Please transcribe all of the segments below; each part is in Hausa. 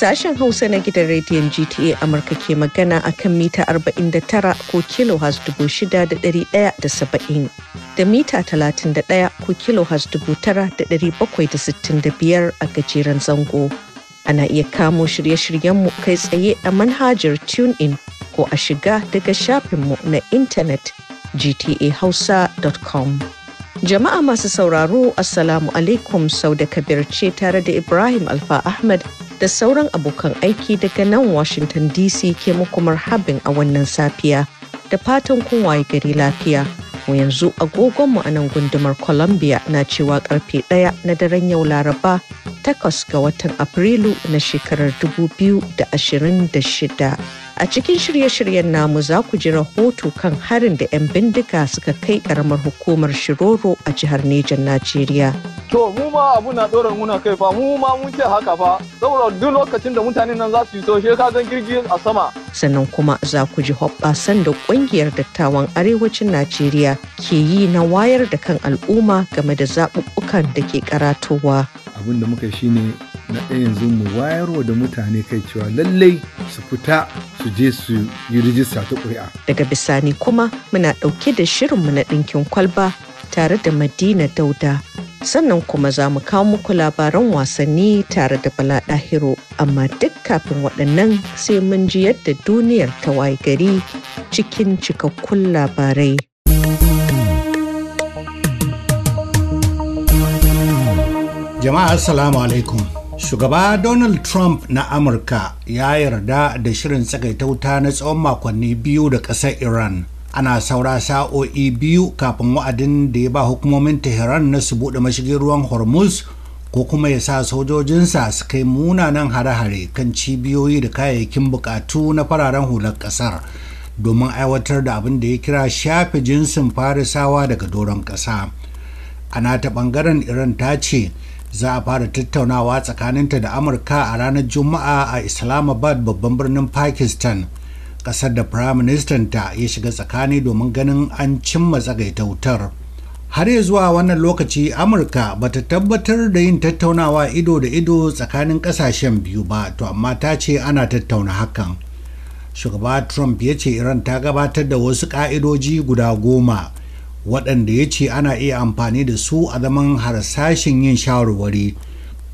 Sashen Hausa na gidan rediyon GTA Amurka ke magana a kan mita 49 ko kilo dubu 6,170 da mita 31 ko kilo da sittin da biyar a gajeren zango. Ana iya kamo shirye-shiryenmu kai tsaye a manhajar TuneIn ko a shiga daga shafinmu na intanet gtahausa.com. Jama'a masu sauraro Assalamu alaikum sau da kabir ce tare da Ibrahim Alfa Ahmad da sauran abokan aiki daga nan Washington DC ke muku marhabin a wannan safiya da fatan kun gari lafiya. Mu yanzu agogonmu a nan gundumar Columbia na cewa karfe ɗaya na daren yau Laraba takwas ga watan Afrilu na shekarar 2026. A cikin shirye-shiryen namu za ku ji rahoto kan harin da 'yan bindiga suka kai karamar hukumar Shiroro a jihar Nejan Najeriya. To mu ma abu na ɗora muna kai fa mu ma mun ce haka fa saboda duk lokacin da mutanen nan za su yi toshe ka jirgi a sama. Sannan kuma za ku ji hoɓɓasan da ƙungiyar dattawan arewacin Najeriya ke yi na wayar da kan al'umma game da zaɓuɓɓukan da ke karatowa. Abin da muka shine na ɗaya yanzu mu wayarwa da mutane kai cewa lallai su fita su je su yi rijista ta ƙuri'a. Daga bisani kuma muna ɗauke da shirinmu na ɗinkin kwalba tare da Madina Dauda. Sannan kuma za mu kawo muku labaran wasanni tare da Bala Ɗahiro, amma duk kafin waɗannan sai mun ji yadda duniyar ta waye gari cikin cikakkun labarai. Jama'a Assalamu alaikum. shugaba donald trump na amurka ya yarda da shirin tsagaita wuta na tsawon makonni biyu da ƙasar iran ana saura sa'o'i biyu kafin wa'adin da ya ba hukumomin tehran na su buɗe mashigin ruwan hormuz ko kuma ya sa sojojinsa su kai munanan hare-hare kan cibiyoyi da kayayyakin buƙatu na fararen hular ƙasar domin aiwatar da abin da ya kira shafe jinsin farisawa daga doron ƙasa Ana ta ɓangaren iran ta ce za a fara tattaunawa tsakaninta da amurka a ranar juma'a a islamabad babban birnin pakistan ƙasar da firaministan ta ya shiga tsakani domin ganin an cimma tsagaita wutar har ya zuwa wannan lokaci amurka ba ta tabbatar da yin tattaunawa ido da ido tsakanin ƙasashen biyu ba to amma ta ce ana tattauna hakan shugaba trump ya ce iran ta gabatar da wasu ƙa'idoji guda goma waɗanda ya ce ana iya amfani da su a zaman harsashin yin shawarwari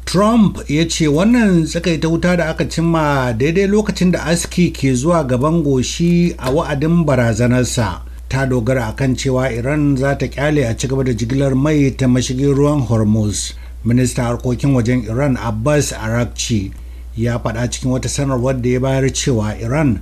trump ya ce wannan tsakaita wuta da aka cimma daidai lokacin da aski ke zuwa gaban goshi a wa'adin barazanarsa ta dogara a kan cewa iran za ta kyale a ci gaba da jigilar mai ta mashigin ruwan hormuz minista harkokin wajen iran abbas arakci ya faɗa cikin wata sanarwar da ya bayar cewa iran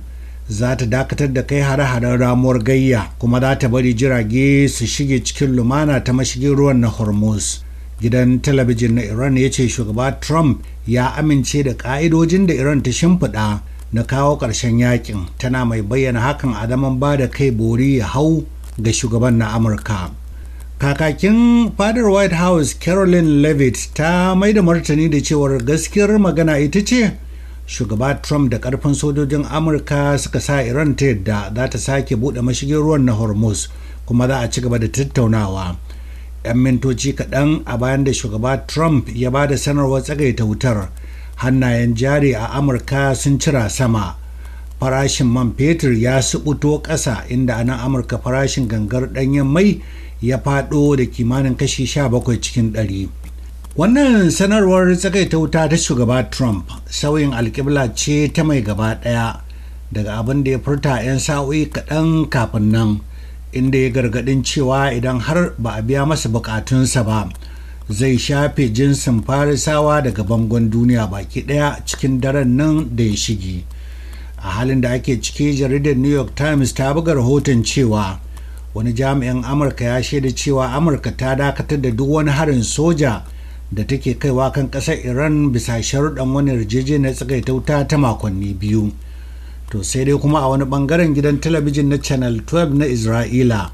za ta dakatar da kai hare-haren ramuwar gayya kuma za ta bari jirage su shige cikin lumana ta mashigin ruwan na hormuz gidan talabijin na iran ya ce shugaba trump ya amince da ka'idojin da iran ta shimfiɗa na kawo ƙarshen yakin tana mai bayyana hakan a zaman ba da kai bori ya hau ga shugaban na amurka kakakin fadar white house caroline levitt ta maida martani da cewar gaskiyar magana ita ce shugaba trump da karfin sojojin amurka suka sa iran ta yadda za ta sake buɗe mashigin ruwan na hormuz kuma za a ci gaba da tattaunawa 'yan mintoci kaɗan a bayan da shugaba trump ya ba da sanarwar tsagaita wutar hannayen jari a amurka sun cira sama farashin man fetur ya subuto ƙasa inda a nan amurka farashin gangar ɗanyen mai ya faɗo da kimanin kashi 17 cikin ɗari. Wannan sanarwar tsagaita wuta ta shugaba Trump sauyin alkibla ce ta mai gaba ɗaya daga abin da ya furta 'yan sa'o'i kaɗan kafin nan inda ya gargaɗin cewa idan har ba a biya masa bukatunsa ba zai shafe jinsin farisawa daga bangon duniya baki ɗaya cikin daren nan da ya shige. A halin da ake ciki jaridar New York Times ta buga rahoton cewa wani jami'in Amurka ya shaida cewa Amurka ta dakatar da duk wani harin soja. da take kaiwa kan ƙasar iran bisa sharuɗan wani yarjejeniyar tsakaita wuta ta makonni biyu to sai dai kuma a wani bangaren gidan talabijin na channel 12 na isra'ila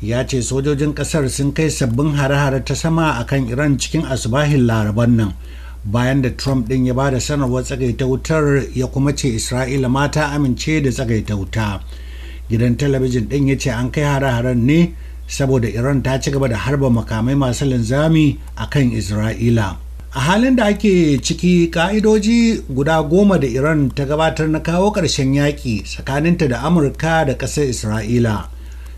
ya ce sojojin ƙasar sun kai sabbin hare-hare ta sama akan iran cikin asubahin laraban nan bayan da trump ɗin ya ba da sanarwar tsagaitautar ya kuma ce isra'ila mata amince da tsagaita wuta gidan talabijin ɗin ya ce an kai hare-haren ne saboda iran ta ci gaba da harba makamai masu linzami a kan isra'ila a halin da ake ciki ka'idoji guda goma da iran ta gabatar na kawo ƙarshen yaƙi tsakaninta da amurka da ƙasar isra'ila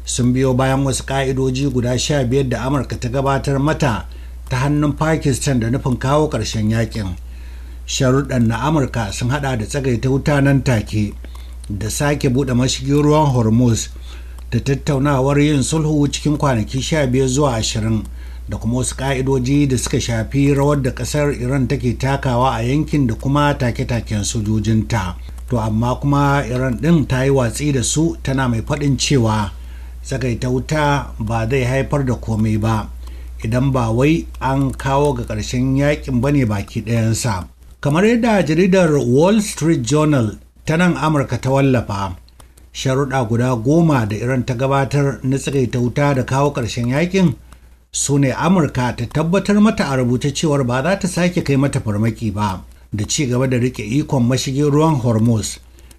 sun biyo bayan wasu ka'idoji guda sha biyar da amurka ta gabatar mata ta hannun pakistan da nufin kawo ƙarshen yaƙin sharuɗan na amurka sun haɗa da tsagaita wuta nan take da sake buɗe mashigin ruwan hormuz da tattaunawar yin sulhu cikin kwanaki 15 zuwa 20 da kuma wasu ƙa'idoji da suka shafi rawar da ƙasar iran take takawa a yankin da kuma take-taken sojojinta to amma kuma iran ɗin ta yi watsi da su tana mai faɗin cewa tsagaita wuta ba zai haifar da komai ba idan ba wai an kawo ga ƙarshen yakin ba ne baki ɗayansa kamar yadda jaridar wall street journal ta nan amurka ta wallafa sharuɗa guda goma da iran ta gabatar na ta wuta da kawo ƙarshen yakin su ne amurka ta tabbatar mata a rubuce cewar ba za ta sake kai mata farmaki ba da ci gaba da rike ikon mashigin ruwan hormuz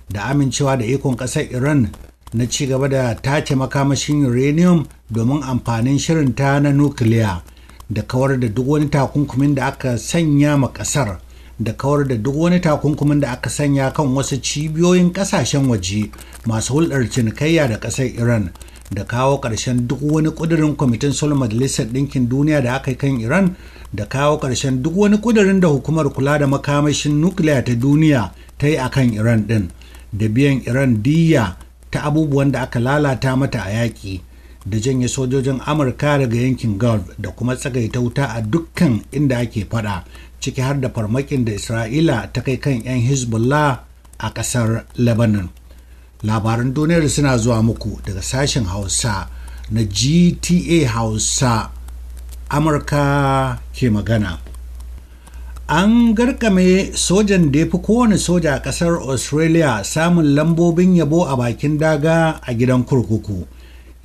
da amincewa da ikon ƙasar iran na ci gaba da tace makamashin uranium domin amfanin shirinta na nukiliya da kawar da duk wani takunkumin da aka sanya ma ƙasar da kawar da duk wani takunkumin da aka sanya kan wasu cibiyoyin kasashen waje masu hulɗar cinikayya da ƙasar iran da kawo ƙarshen duk wani ƙudurin kwamitin sulh majalisar ɗinkin duniya da aka yi kan iran da kawo ƙarshen duk wani ƙudurin da hukumar kula da makamashin nukiliya ta duniya ta yi akan iran ɗin da biyan iran diya ta abubuwan da aka lalata mata a yaƙi da janye sojojin amurka daga yankin gulf da kuma tsagaita wuta a dukkan inda ake faɗa. ciki har da farmakin da isra'ila ta kai kan 'yan hezbollah a ƙasar lebanon labaran duniyar suna zuwa muku daga sashen hausa na gta hausa amurka ke magana an garkame sojan da ya fi kowane soja a ƙasar australia samun lambobin yabo a bakin daga a gidan kurkuku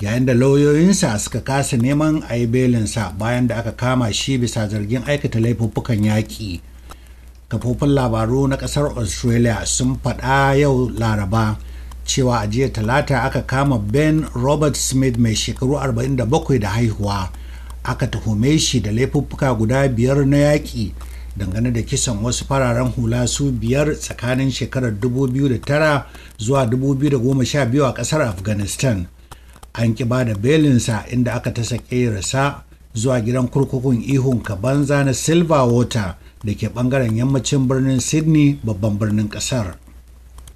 yayin da lauyoyinsa suka kasa neman a yi belinsa bayan da aka kama shi bisa zargin aikata laifuffukan yaƙi kafofin labaru na ƙasar australia sun faɗa yau laraba cewa a jiya talata aka kama ben robert smith mai shekaru 47 da haihuwa aka tuhume shi da laifuffuka guda biyar na yaƙi dangane da kisan wasu fararen hula su biyar tsakanin shekarar 2009 zuwa 2012 a ƙasar afghanistan an ki ba da belinsa inda aka ta sake rasa zuwa gidan kurkukun ihun banza na silverwater da ke bangaren yammacin birnin sydney babban birnin kasar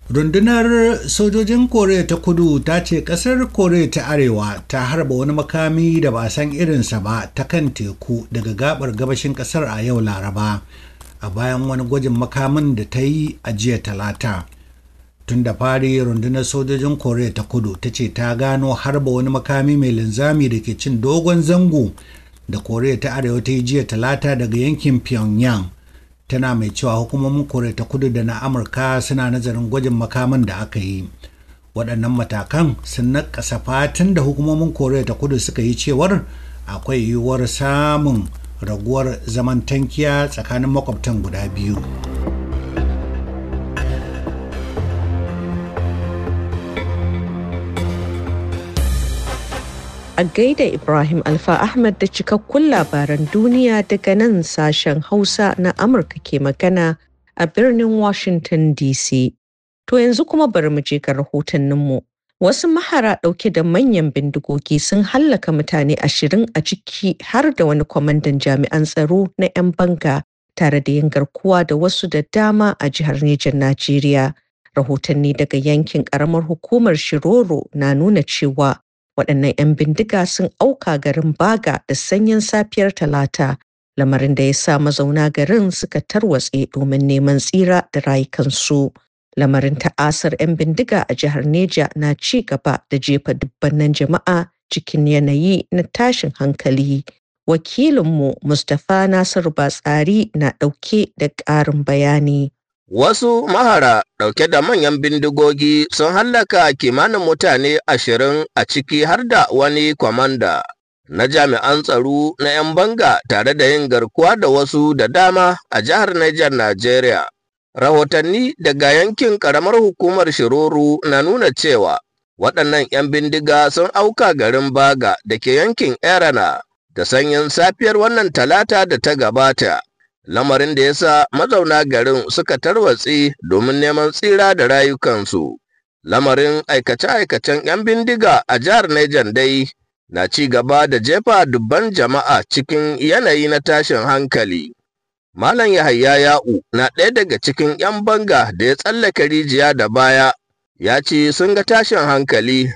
rundunar sojojin koriya ta kudu ta ce kasar koriya ta arewa ta harba wani makami da ba a san irinsa ba ta kan teku daga gabar gabashin kasar a yau laraba a bayan wani gwajin makamin da ta yi a jiya talata tun da fari rundunar sojojin korea ta kudu ta ce ta gano harba wani makami mai linzami da ke cin dogon zango da korea ta arewa ta yi jiya talata daga yankin pyongyang tana mai cewa hukumomin korea ta kudu da na amurka suna nazarin gwajin makamin da aka yi waɗannan matakan sun naƙasa fatan da hukumomin korea ta kudu suka yi cewar akwai yiwuwar samun raguwar zaman tankiya tsakanin makwabtan guda biyu. a gaida Ibrahim Alfa Ahmad da cikakkun labaran duniya daga nan sashen Hausa na Amurka ke magana a birnin Washington DC. To yanzu kuma bari mu je ga rahotanninmu. Wasu mahara ɗauke da manyan bindigogi sun hallaka mutane ashirin a ciki har da wani kwamandan jami'an tsaro na 'yan banga tare da yin garkuwa da wasu da dama a jihar Nijar Najeriya. Rahotanni daga yankin ƙaramar hukumar Shiroro na nuna cewa waɗannan 'yan bindiga sun auka garin baga da sanyin safiyar talata lamarin da ya sa mazauna garin suka tarwatse domin neman tsira da rayukansu. Lamarin ta'asar 'yan bindiga a jihar Neja na ci gaba da jefa dubbannan jama'a cikin yanayi na tashin hankali. Wakilinmu Mustapha Nasiru Batsari na ɗauke da ƙarin bayani. Wasu mahara ɗauke da manyan bindigogi sun hallaka kimanin mutane ashirin a ciki har da wani kwamanda na jami'an tsaro na 'yan banga tare da yin garkuwa da wasu da dama a jihar Niger Najeriya. Rahotanni daga yankin ƙaramar hukumar Shiruru na nuna cewa waɗannan 'yan bindiga sun auka garin Baga da ke yankin Erana da sanyin safiyar wannan talata da ta gabata. lamarin da ya sa mazauna garin suka tarwatsi domin neman tsira da rayukansu. Lamarin aikace-aikacen 'yan bindiga a jihar Niger dai na ci gaba da jefa dubban jama'a cikin yanayi na tashin hankali. Malam Yahaya Ya'u na ɗaya daga cikin 'yan banga da ya tsallaka rijiya da baya, ya ce sun ga tashin hankali,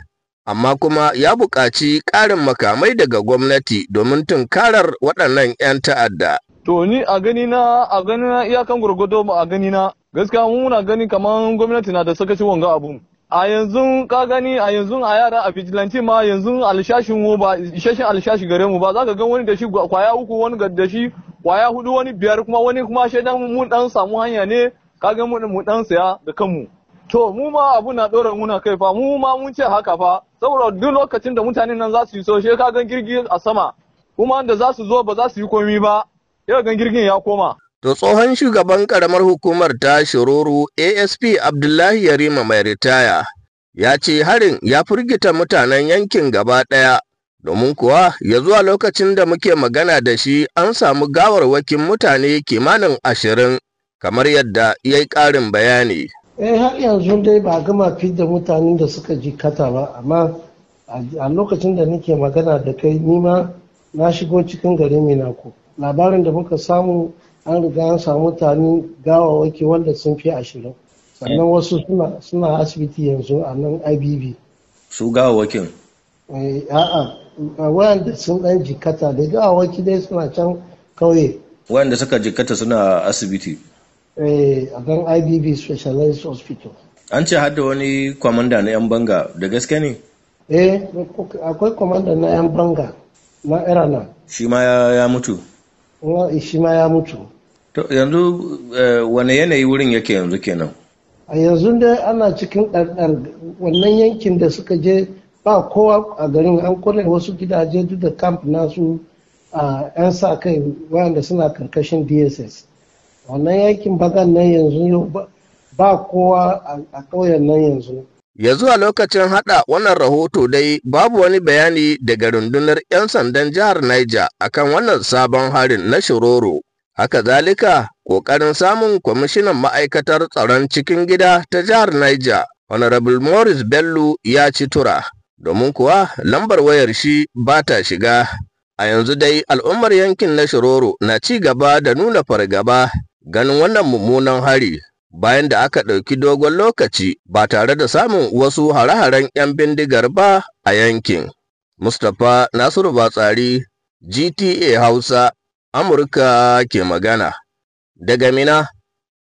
amma kuma ya buƙaci ƙarin makamai daga gwamnati domin tunkarar waɗannan 'yan ta'adda. to ni a gani na a gani na iyakan gurgudo a gani na gaskiya mu muna gani kamar gwamnati na da sakacin wanga abu. a yanzu ka gani a yanzu a yara a vigilante ma yanzu alshashin mu ba isheshin alshashi gare mu ba za ka ga wani da shi kwaya uku wani da shi kwaya hudu wani biyar kuma wani kuma shaidan mu dan samu hanya ne ka ga mu dan saya da kanmu to mu ma abu na dora muna kai fa mu ma mun ce haka fa saboda duk lokacin da mutanen nan za su yi so she ka ga girgi a sama kuma da za su zo ba za su yi komi ba yau gan girgin ya koma To tsohon shugaban karamar hukumar ta Shiroro ASP Abdullahi Yarima mai ritaya ya ce harin ya firgita mutanen yankin gaba ɗaya domin kuwa ya zuwa lokacin da muke magana da shi an samu gawarwakin mutane kimanin ashirin kamar yadda ya yi ƙarin bayani. Eh har yanzu dai ba gama fi da mutanen da suka ji kata ba amma a lokacin da nake magana da kai nima na shigo cikin garin Minako. labarin da muka samu an riga an samu mutane gawawaki wanda sun fi ashirin sannan eh. wasu suna asibiti yanzu a nan ibb su gawawakin eh, a'a wanda sun dan jikata da gawawaki dai suna can kauye wanda suka jikata suna asibiti eh, a dan ibb specialized hospital an ce hada wani kwamanda na yan banga da gaske ne eh akwai kwamanda na yan banga na irana shi ma ya mutu shi ma ya mutu to yanzu eh, wane yanayi wurin yake yanzu kenan a yanzu da ana cikin ɗarɗar wannan yankin da suka je ba kowa a garin an kone wasu gidaje duk da camp nasu a 'yan sa kai wayanda suna karkashin dss wannan yankin bazan nan yanzu ba kowa a ƙauyen nan yanzu Ya zuwa lokacin haɗa wannan rahoto dai babu wani bayani daga rundunar 'yan sandan jihar Niger akan wannan sabon harin na Shiroro. Haka zalika, ƙoƙarin samun kwamishinan ma'aikatar tsaron cikin gida ta jihar Niger, Honorable Morris Bello ya ci tura, domin kuwa lambar wayar shi ba ta shiga. A yanzu dai al'ummar yankin na Shiroro na ci gaba da nuna fargaba ganin wannan mummunan hari. bayan da aka ɗauki dogon lokaci ba tare da samun wasu hare-haren 'yan bindigar ba a yankin. Mustapha Nasiru Batsari, GTA Hausa, Amurka ke magana. Daga Mina,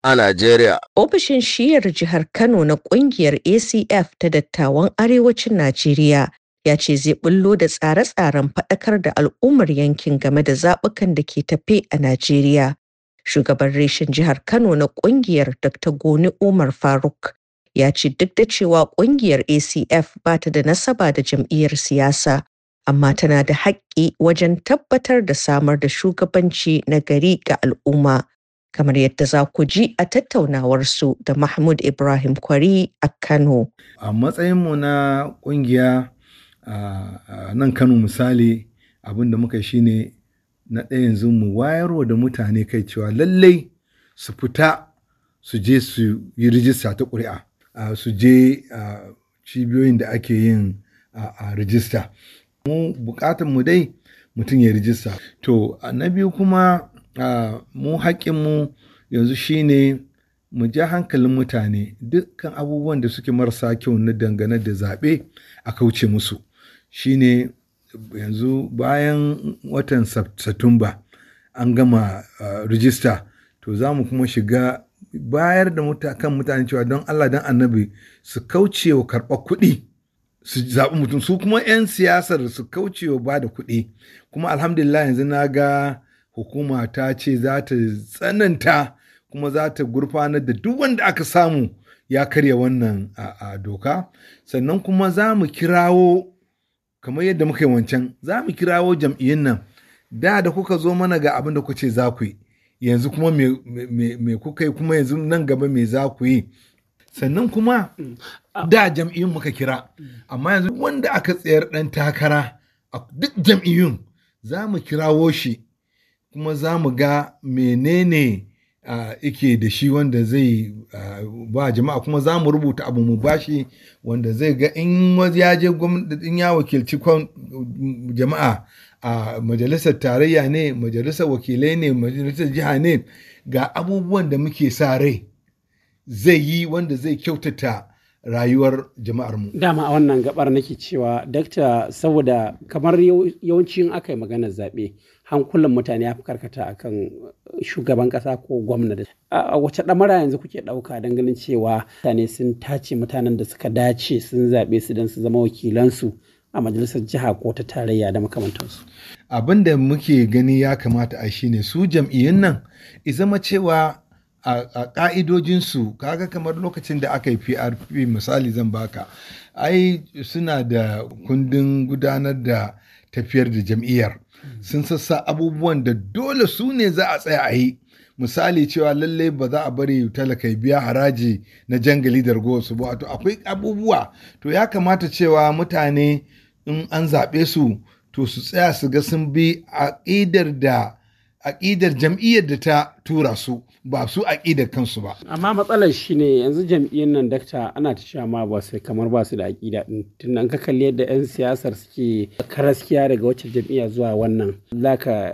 a Najeriya. Ofishin shiyar jihar Kano na ƙungiyar ACF ta dattawan Arewacin Najeriya ya ce zai bullo da tsare-tsaren faɗakar da al'ummar yankin game da zaɓukan da ke tafe a Najeriya. Shugaban reshen jihar Kano na kungiyar Dr. Goni Umar Faruk ya ce duk da cewa kungiyar ACF ba ta da nasaba da jam'iyyar siyasa, amma tana da haƙƙi wajen tabbatar da samar da shugabanci na gari ga al'umma. kamar yadda za ku ji a tattaunawar su da Mahmud Ibrahim Kwari a Kano. A matsayinmu na ƙungiya nan Kano misali abin da muka shi ne na ɗaya yanzu mu wayarwa da mutane kai cewa lallai su fita su je su yi rijista ta ƙuri'a su je cibiyoyin da ake yin a rijista mu buƙatar mu dai mutum ya rijista to na biyu kuma mu haƙƙinmu yanzu shine mu ja hankalin mutane dukkan abubuwan da suke marasa kyau na dangane da zaɓe a kauce musu shine yanzu bayan watan satumba an gama rijista to za mu kuma shiga bayar da kan mutane cewa don Allah don annabi su kauce wa karɓar kuɗi su zaɓi mutum su kuma 'yan siyasar su kauce wa ba da kuɗi kuma alhamdulillah yanzu na ga hukuma ta ce za ta tsananta kuma za ta gurfanar da duk wanda aka samu ya karya wannan a doka sannan kuma za mu kirawo kamar yadda muka yi wancan za mu kirawo jam'iyyun nan da da kuka zo mana ga abin da kuce za ku yi yanzu kuma me kuka yi kuma yanzu nan gaba me za ku yi sannan kuma mm. da jam'iyyun muka kira amma yanzu wanda aka tsayar dan takara a duk jam'iyyun za mu kirawo shi kuma za mu ga menene ike da shi wanda zai ba jama'a kuma za mu rubuta abu mu bashi wanda zai ga in ya je in ya wakilci jama'a a majalisar tarayya ne majalisar wakilai ne majalisar jiha ne ga abubuwan da muke sa rai zai yi wanda zai kyautata rayuwar jama'ar mu. Dama a wannan gabar nake cewa dakta saboda kamar yawanci aka yi maganar zaɓe hankulan mutane ya fi karkata akan eh, shugaban kasa ko gwamna a wace ɗamara yanzu kuke ɗauka don ganin cewa mutane sun tace mutanen da suka dace sun zaɓe su don su zama wakilansu a majalisar jiha ko ta tarayya da makamantansu abin da muke gani ya kamata a ne su jam'iyyun nan i zama cewa a ka'idojinsu kaga kamar lokacin da aka yi prp misali zan baka ai suna da kundin gudanar da tafiyar da jam'iyyar sun sassa abubuwan da dole su ne za a tsaya a yi misali cewa lalle ba za a bari talakai biya haraji na jangali da su ba to akwai abubuwa to ya kamata cewa mutane in an zaɓe su to su tsaya su ga sun bi aƙidar da aƙidar jam'iyyar da ta tura su ba su aƙidar kansu ba. Amma matsalar shi ne yanzu jam'iyyar nan dakta ana ta shama ma ba su kamar ba su da aƙida ɗin tun an ka kalli yadda 'yan siyasar suke karaskiya daga wacce jam'iyya zuwa wannan za ka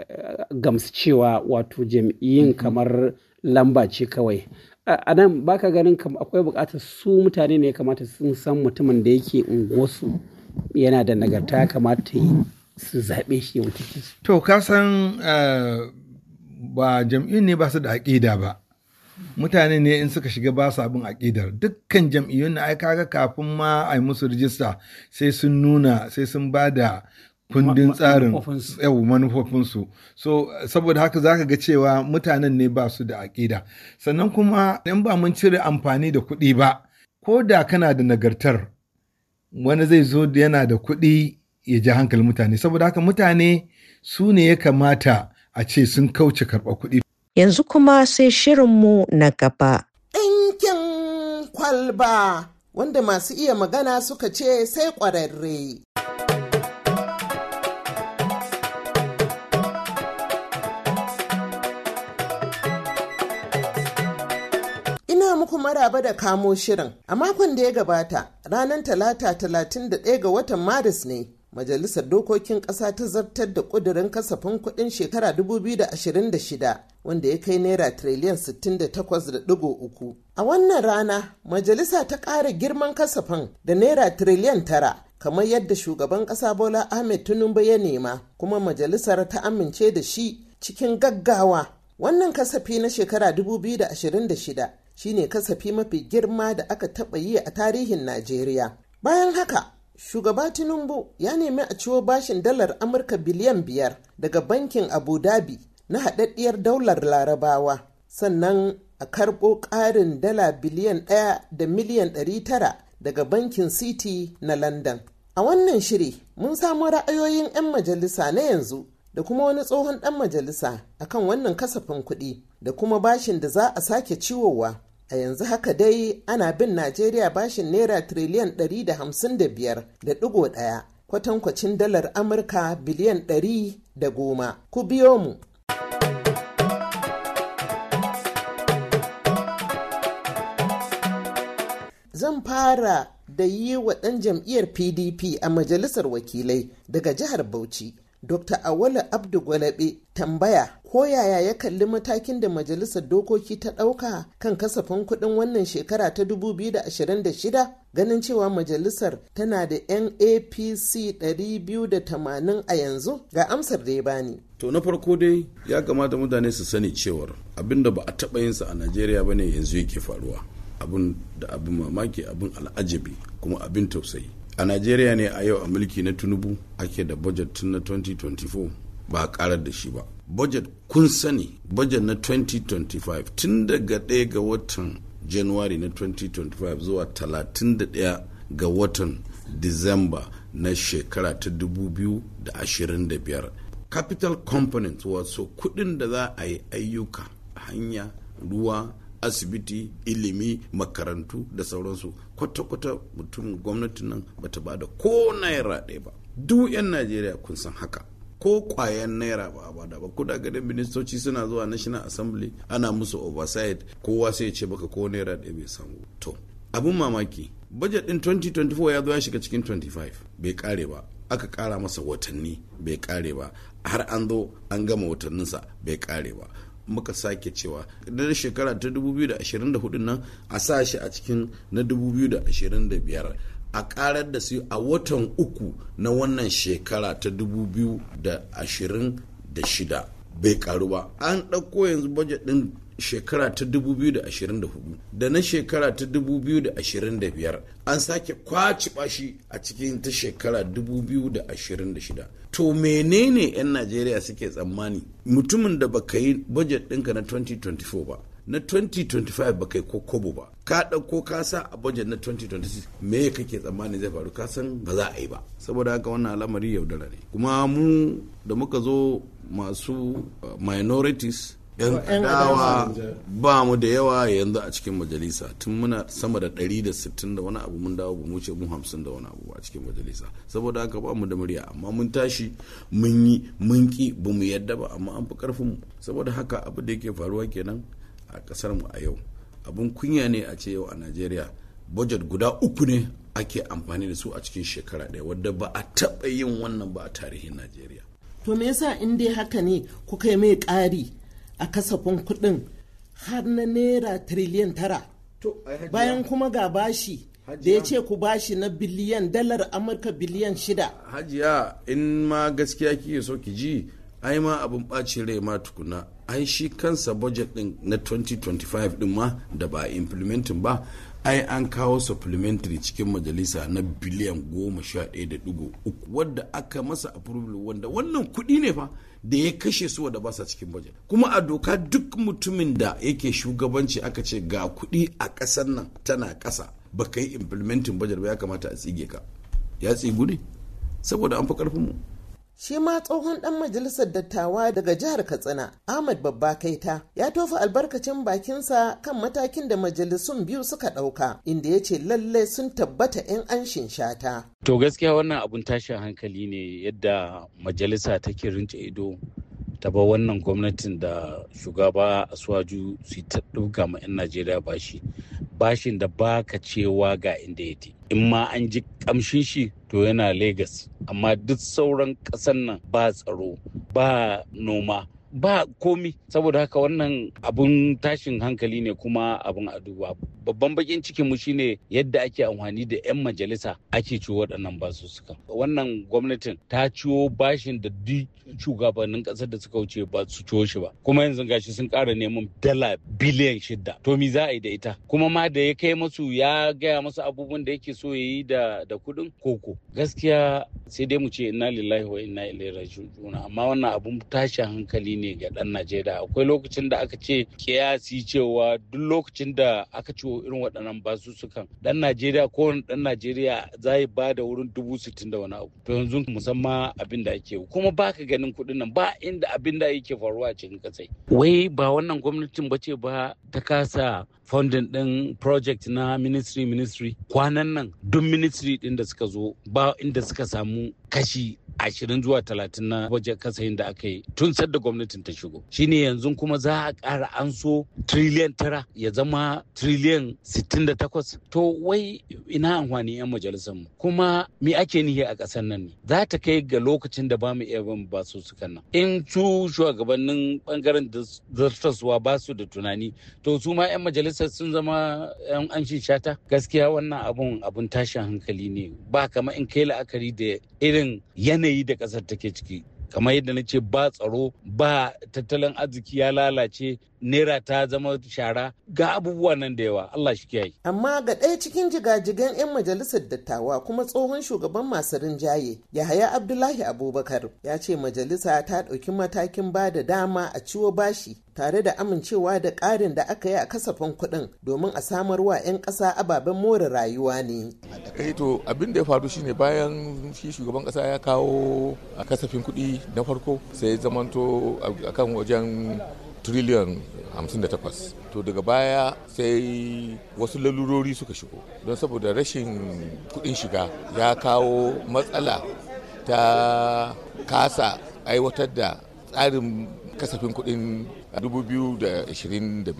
gamsu cewa wato jam'iyyun kamar lamba ce kawai. a nan ba ka ganin akwai buƙatar su mutane ne ya kamata sun san mutumin da yake unguwarsu yana da nagarta kamata su zaɓe shi wakilci to ka san eh, ba jam'iyyun ne ba su da aƙida ba mutane ne in suka shiga ba su abin aƙidar dukkan jam'iyyun na ai kaga kafin ma a yi musu rijista sai sun nuna sai sun ba da kundin tsarin yau manufofinsu so saboda haka za ka ga cewa mutanen ne ba su da aƙida sannan kuma in ba mun cire amfani da kuɗi ba ko da kana da nagartar wani zai zo yana da kuɗi ya ji hankalin mutane saboda haka mutane su ne ya kamata a ce sun kauce karɓa kuɗi. Yanzu kuma sai shirinmu na gaba. Ɗinkin kwalba wanda masu iya magana suka ce sai ƙwararre. muku maraba da kamo shirin a makon da ya gabata ranar talata 31 ga watan maris ne majalisar dokokin ƙasa ta zartar da ƙudurin kasafin kuɗin shekara 2026 wanda ya kai naira triliyan 68.3 a wannan rana majalisa ta ƙara girman kasafin da naira triliyan tara, kamar yadda shugaban ƙasa bola ahmed tinubu ya nema kuma majalisar ta amince da shi cikin gaggawa wannan kasafi na shekara 2026 shine kasafi mafi girma da aka taɓa yi a tarihin najeriya bayan haka shugaba tinubu ya nemi a ciwo bashin dalar amurka biliyan biyar daga bankin abu dhabi na haɗaɗɗiyar daular larabawa sannan a karɓo ƙarin dala biliyan ɗaya da miliyan ɗari tara daga bankin city na london a wannan shiri mun samu ra'ayoyin 'yan majalisa na yanzu da kuma wani tsohon ɗan majalisa akan wannan kasafin kuɗi da kuma bashin da za a sake ciwowa a yanzu haka dai ana bin najeriya bashin naira triliyan 155.1 kwatankwacin dalar amurka biliyan 110 ku biyo mu zan fara da yi wa ɗan jam'iyyar pdp a majalisar wakilai daga jihar bauchi Dr. Awala Abdu Gwalabe tambaya ko yaya ya kalli matakin da majalisar dokoki ta ɗauka kan kasafin kuɗin wannan shekara ta 2026 ganin cewa majalisar tana da NAPC apc 280 a yanzu ga amsar da ya bani. to na farko dai ya kamata mutane su sani cewar abin da ba a taɓa yinsa a najeriya ba ne yanzu yake faruwa abin da abin mamaki abin al'ajabi kuma abin tausayi a najeriya ne a yau a mulki na tunubu ake da budget tun na 2024 ba a karar da shi ba budget kun sani budget na 2025 tun daga ɗaya ga watan january na 2025 zuwa 31 ga watan december na shekara ta 2025 capital components wasu kudin da za a yi ayyuka hanya ruwa asibiti ilimi makarantu da sauransu kwata-kwata mutum gwamnati nan bata ba da ko naira ɗaya ba duk 'yan najeriya kun san haka ko kwayan naira ba a bada ba daga da ministoci suna zuwa national assembly ana musu oversight kowa sai ya ce baka ko naira ɗaya bai samu to abin mamaki budget din 2024 ya zo ya shiga cikin 25 bai kare ba aka kara masa watanni bai kare ba har an zo an gama watanninsa bai kare ba muka sake cewa da shekara ta 2024 nan a sa shi a cikin na 2025 a karar da su a watan uku na wannan shekara ta 2026 bai karu ba an ɗauko yanzu bajet ɗin shekara ta 2024 da na shekara ta 2025 an sake kwaci bashi a cikin ta shekara 2026 to menene 'yan najeriya suke tsammani mutumin da baka yi budget ɗinka na 2024 ba na 2025 baka yi ko ba ka ɗauko ka sa a budget na 2026 me kake tsammani zai faru ka san ba za a yi ba saboda haka wannan al'amari yaudara ne kuma mu da muka zo masu eh, minorities 'yan adawa ba mu da yawa yanzu a cikin majalisa tun muna sama da 160 da wani abu mun dawo mu ce mun 50 da wani abu a cikin majalisa saboda haka ba mu da murya amma mun tashi mun yi mun ki ba mu yadda ba amma an fi karfin mu saboda haka abu da yake faruwa kenan a kasar mu a yau abun kunya ne a ce yau a Najeriya budget guda uku ne ake amfani da su a cikin shekara ɗaya wadda ba a taɓa yin wannan ba a tarihin Najeriya to me yasa in dai haka ne kuka yi mai ƙari a kasafin kuɗin har na naira triliyan tara bayan kuma ga bashi da ya ce ku bashi na biliyan dalar amurka biliyan shida hajiya in ma gaskiya kike so ki ji ai ma abin ɓacin rai ma tukuna ai shi kansa budget din na 2025 din ma da ba implementing ba ai an kawo supplementary cikin majalisa na biliyan goma sha ɗaya da ɗigo uku wadda aka masa approval wanda wannan kuɗi ne fa da ya kashe su wadda basa cikin bajet kuma a doka duk mutumin da yake shugabanci aka ce ga kuɗi a ƙasar nan tana ƙasa baka yi implementing bajet ba ya kamata a tsige ka ya tsige ne saboda an fi ƙarfin mu shi ma tsohon dan majalisar dattawa daga jihar katsina ahmad babba kaita ya tofa albarkacin bakinsa kan matakin da majalisun biyu suka ɗauka inda ya ce lalle sun tabbata 'yan an shata to gaskiya wannan abun tashin hankali ne yadda majalisa take rinta ido ta wannan gwamnatin da shugaba asuwaju su ta ɗauka ma 'yan najeriya bashi bashin da baka cewa ga inda yake in ma an ji ƙamshin shi to yana Legas amma duk sauran ƙasan nan ba tsaro ba noma ba komi saboda haka wannan abun tashin hankali ne kuma abun a duba babban bakin cikinmu mu shine yadda ake amfani da 'yan majalisa ake ciwo waɗannan basussuka wannan gwamnatin ta ciwo bashin da duk shugabannin ƙasar da suka wuce ba su ciwo shi ba kuma yanzu gashi sun ƙara neman dala biliyan shida to mi za a yi da ita kuma ma da ya kai masu ya gaya masu abubuwan da yake so ya yi da da kuɗin koko gaskiya sai dai mu ce inna lillahi wa inna ilaihi raji'un amma wannan abun tashin hankali ne ne ga ɗan Najeriya. Akwai lokacin da aka ce kiyasi cewa duk lokacin da aka ciwo irin waɗannan sukan ɗan Najeriya ko ɗan Najeriya za ba da wurin dubu sittin da wani abu. To yanzu musamman abin da ake kuma ba ka ganin kuɗin nan ba inda abin da yake faruwa cikin kasai. Wai ba wannan gwamnatin ba ce ba ta kasa funding ɗin project na ministry ministry kwanan nan duk ministry ɗin da suka zo ba inda suka samu kashi ashirin zuwa talatin na waje kasayin da aka yi tun sadda gwamnatin ta shigo shine yanzu kuma za a kara an so triliyan tara ya zama triliyan sittin da takwas to wai ina amfani yan majalisar mu kuma me ake nihi a kasar nan ne za ta kai ga lokacin da ba mu iya ban ba su sukan nan in su shugabannin bangaren zartaswa ba su da tunani to su ma yan majalisar sun zama yan an shata gaskiya wannan abun abun tashin hankali ne ba kama in kai la'akari da irin irin yanayi da ƙasar take ciki kamar yadda na ce ba tsaro ba tattalin arziki ya lalace naira ta zama shara ga abubuwa nan da yawa Allah shi kiyaye. Amma ga ɗaya cikin jigajigan 'yan majalisar dattawa kuma tsohon shugaban masu rinjaye Yahaya Abdullahi Abubakar ya ce majalisa ta ɗauki matakin ba da dama a ciwo bashi tare da amincewa da ƙarin da aka yi a kasafin kuɗin domin a samar wa 'yan ƙasa ababen more rayuwa ne. to abin da ya faru shine bayan shi shugaban ƙasa ya kawo a kasafin kuɗi na farko sai zamanto akan wajen triliyan 58 to daga baya sai wasu lalurori suka shigo don saboda rashin kudin shiga ya kawo matsala ta kasa aiwatar da tsarin kasafin kudin 2025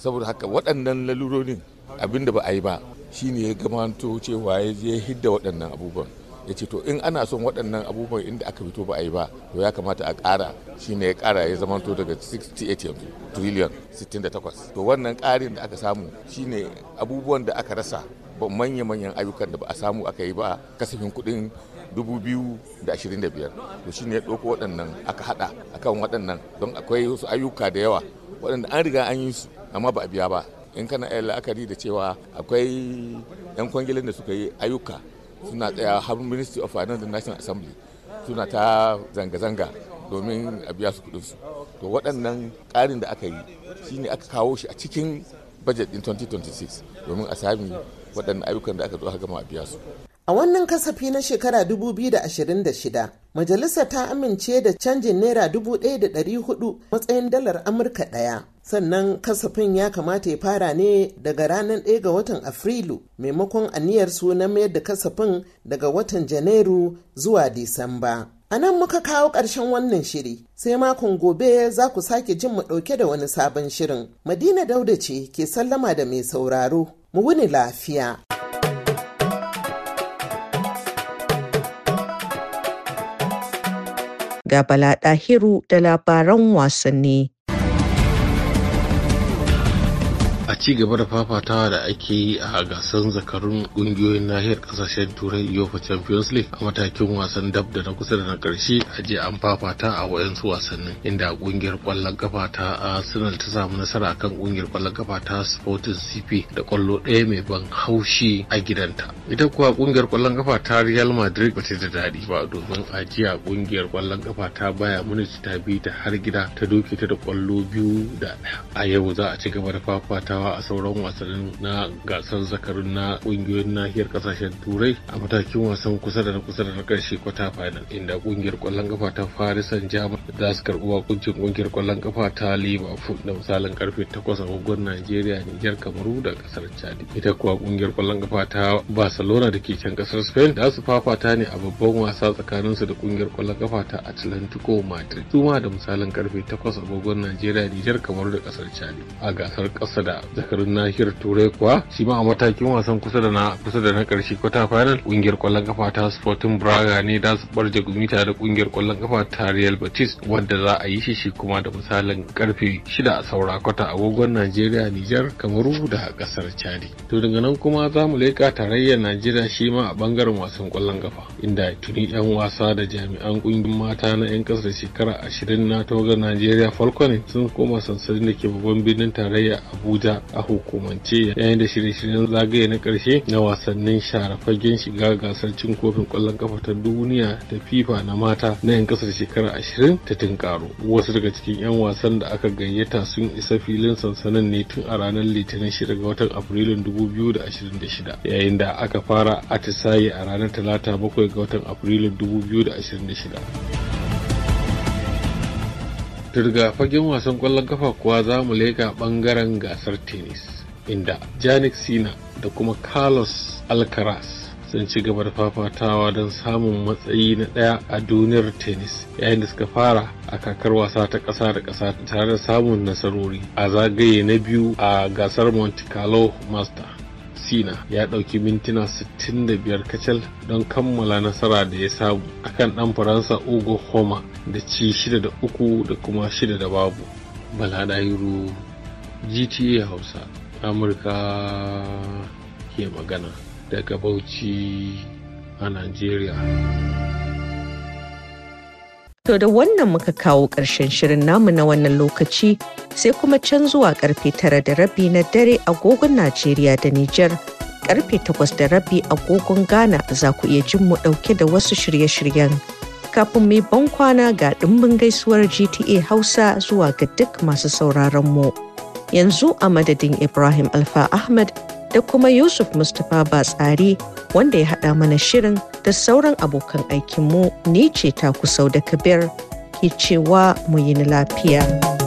saboda haka waɗannan lalurorin abinda ba a yi ba shine ya gamanto cewa ya je hidda waɗannan abubuwan ya ce to in ana son waɗannan abubuwan inda aka fito ba a yi ba to ya kamata a ƙara shi ne ya ƙara ya zama to daga 68 yanzu trillion 68 to wannan ƙarin da aka samu shine abubuwan da aka rasa ba manya-manyan ayyukan da ba a samu aka yi ba kasafin kuɗin 2025 to shine ya ɗauko waɗannan aka haɗa akan waɗannan don akwai wasu ayyuka da yawa waɗanda an riga an yi su amma ba a biya ba in kana la'akari da cewa akwai 'yan kwangilin da suka yi ayyuka suna tsaya har ministry of finance da national assembly suna ta zanga-zanga domin a biya su su to waɗannan ƙarin da aka yi shine aka kawo shi a cikin budget din 2026 domin a sami waɗannan ayyukan da aka zo haka gama a biya su A wannan kasafi na shekara 2026, Majalisa ta amince da canjin Naira 1,400 matsayin dalar Amurka ɗaya. Sannan kasafin ya kamata ya fara ne daga ranar 1 ga watan Afrilu maimakon aniyar su na mayar da kasafin daga watan Janairu zuwa Disamba. A nan muka kawo ƙarshen wannan shiri, sai makon gobe za ku sake jin mu ɗauke da wani sabon shirin. Madina Dauda ce ke sallama da mai sauraro, mu wuni lafiya. ga Bala Ɗahiru da labaran wasanni. a ci gaba da fafatawa da ake yi a gasar zakarun kungiyoyin nahiyar kasashen turai yofa champions league a matakin wasan dab da na kusa da na karshe a je an fafata a wayansu wasannin inda kungiyar kwallon kafa ta arsenal ta samu nasara kan kungiyar kwallon kafa ta sporting cp da kwallo ɗaya mai ban haushi a gidanta ita kuwa kungiyar kwallon kafa ta real madrid ba ta da daɗi ba domin a jiya kungiyar kwallon kafa ta baya munich ta bi ta har gida ta doke ta da kwallo biyu da a yau za a ci gaba da fafatawa a sauran wasannin na gasar zakarun na kungiyoyin nahiyar kasashen turai a matakin wasan kusa da na kusa da na karshe kwata final inda kungiyar kwallon kafa ta farisan jama za su karbi wakuncin kungiyar kwallon kafa ta Liverpool da misalin karfe a gugun nigeria Niger Kamaru da kasar Chad ita kuwa kungiyar kwallon kafa ta Barcelona da ke can kasar Spain za su fafata ne a babban wasa tsakaninsu da kungiyar kwallon kafa ta Atlantico Madrid suma da misalin karfe a gugun nigeria Niger Kamaru da kasar Chad a gasar kasa da zakarun nahiyar turai kuwa shi ma a matakin wasan kusa da na kusa da na karshe kwata final kungiyar kwallon kafa ta sporting braga ne da su bar jagumi tare da kungiyar kwallon kafa ta real batis wanda za a yi shi shi kuma da misalin karfe shida a saura kwata agogon najeriya nijar kamaru da kasar chadi to daga nan kuma za mu leka tarayyar najeriya shi ma a bangaren wasan kwallon kafa inda tuni yan wasa da jami'an kungiyar mata na yan kasar shekara ashirin na tawagar najeriya falcon sun koma sansanin da ke babban birnin tarayya abuja a hukumance yayin da shirye-shiryen zagaye na ƙarshe na wasannin share fagen shiga gasar cin kofin kwallon kafa ta duniya da fifa na mata na 'yan kasar shekara ashirin ta karo wasu daga cikin 'yan wasan da aka gayyata sun isa filin sansanin ne tun a ranar litinin shida ga watan afrilun 2026 yayin da aka fara atisaye a ranar talata bakwai ga watan afrilun 2026 Turga fagen wasan kwallon kafa kuwa za mu leka ɓangaren gasar tennis inda Janik Sina da kuma Carlos Alcaraz sun ci gaba da fafatawa don samun matsayi na ɗaya a duniyar tennis yayin da suka fara a kakar wasa ta kasa da kasa tare da samun nasarori a zagaye na biyu a gasar Monte Carlo Master. Sina ya ɗauki mintuna 65 kacal don kammala nasara da ya samu akan ɗan Faransa Ugo Homa da ci 6 da 3 da kuma shida da babu. Bala GTA Hausa Amurka ke magana daga Bauchi a Najeriya. To da wannan muka kawo ƙarshen shirin namu na wannan lokaci sai kuma can zuwa karfe tara da rabi na dare agogon Najeriya da Nijar. Karfe takwas da rabi agogon Ghana za ku iya jin mu ɗauke da wasu shirye-shiryen. Kafin mai ban kwana ga ɗimbin gaisuwar GTA Hausa zuwa ga duk masu sauraron mu. Yanzu a madadin Ibrahim Alfa Ahmed. da kuma Yusuf Mustapha Batsari wanda ya haɗa mana shirin da sauran abokan aikinmu ne ce ta sau da kabir ke cewa mu yi lafiya.